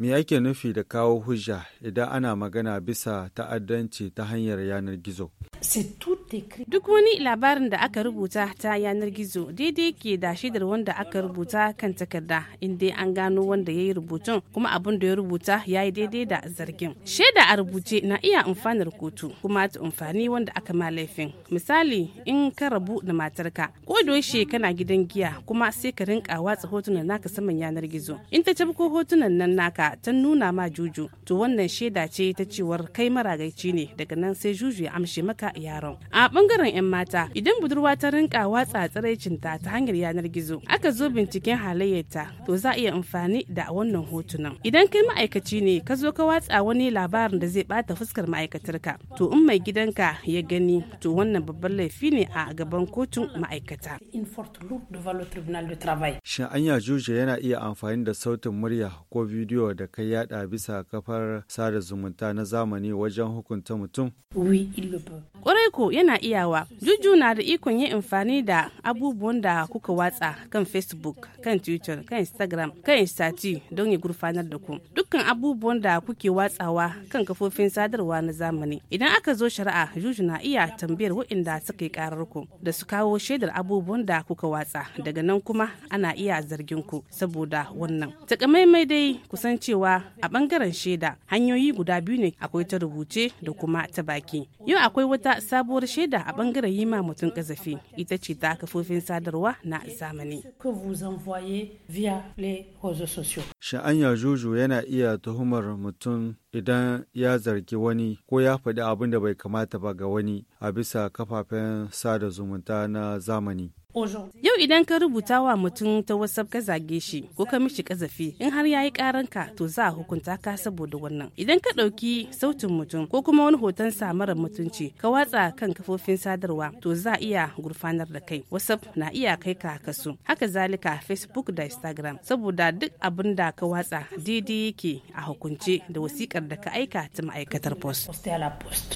Me ake nufi da kawo hujja idan ana magana bisa ta'addanci ta hanyar yanar gizo? Duk wani labarin da aka rubuta ta yanar gizo daidai ke da shaidar wanda aka rubuta kan takarda inda an gano wanda ya yi rubutun kuma abin da ya rubuta ya yi daidai da zargin. Shaida a rubuce na iya amfanar kotu kuma ta amfani wanda aka ma laifin. Misali in ka rabu da matarka ko doshe kana gidan giya kuma sai ka rinka watsa hotunan naka saman yanar gizo. In ta ko hotunan nan naka ta nuna ma juju to wannan shaida ce ta cewar kai maragaici ne daga nan sai juju ya amshe maka yaron. a bangaren 'yan mata idan budurwa ta rinka watsa tsiraicin ta hanyar yanar gizo aka zo binciken halayyarta to za a iya amfani da wannan hotunan idan kai ma'aikaci ne ka zo ka watsa wani labarin da zai bata fuskar ma'aikatarka to in mai gidanka ya gani to wannan babban laifi ne a gaban kotun ma'aikata shin anya juje yana iya amfani da sautin murya ko bidiyo da kai yada bisa kafar sada zumunta na zamani wajen hukunta mutum iko yana iyawa juju na da ikon yin amfani da abubuwan da kuka watsa kan facebook kan twitter kan instagram kan instati don ya gurfanar da ku dukkan abubuwan da kuke watsawa kan kafofin sadarwa na zamani idan aka zo shari'a juju na iya tambayar waɗanda suka yi karar ku da su kawo shaidar abubuwan da kuka watsa daga nan kuma ana iya zargin ku saboda wannan takamaimai dai kusan cewa a bangaren shaida hanyoyi guda biyu ne akwai ta rubuce da kuma ta baki yau akwai wata sabuwar shaida a bangaren yi ma mutum kazafi ita ce ta kafofin sadarwa na zamani. Sha'anya Juju yana iya tuhumar mutum idan ya zargi wani ko ya faɗi abin da bai kamata ba ga wani a bisa kafafen sada zumunta na zamani. Yau idan ka rubuta wa mutum ta WhatsApp ka zage shi ko ka mishi kazafi in har yayi karanka to za a hukunta ka saboda wannan. Idan ka ɗauki sautin mutum ko kuma wani hoton sa mara mutunci ka watsa kan kafofin sadarwa to za a iya gurfanar da kai. WhatsApp na iya kai ka kasu Haka zalika Facebook da Instagram saboda duk abin da ka watsa daidai yake a hukunce da wasikar da ka aika ta ma'aikatar post.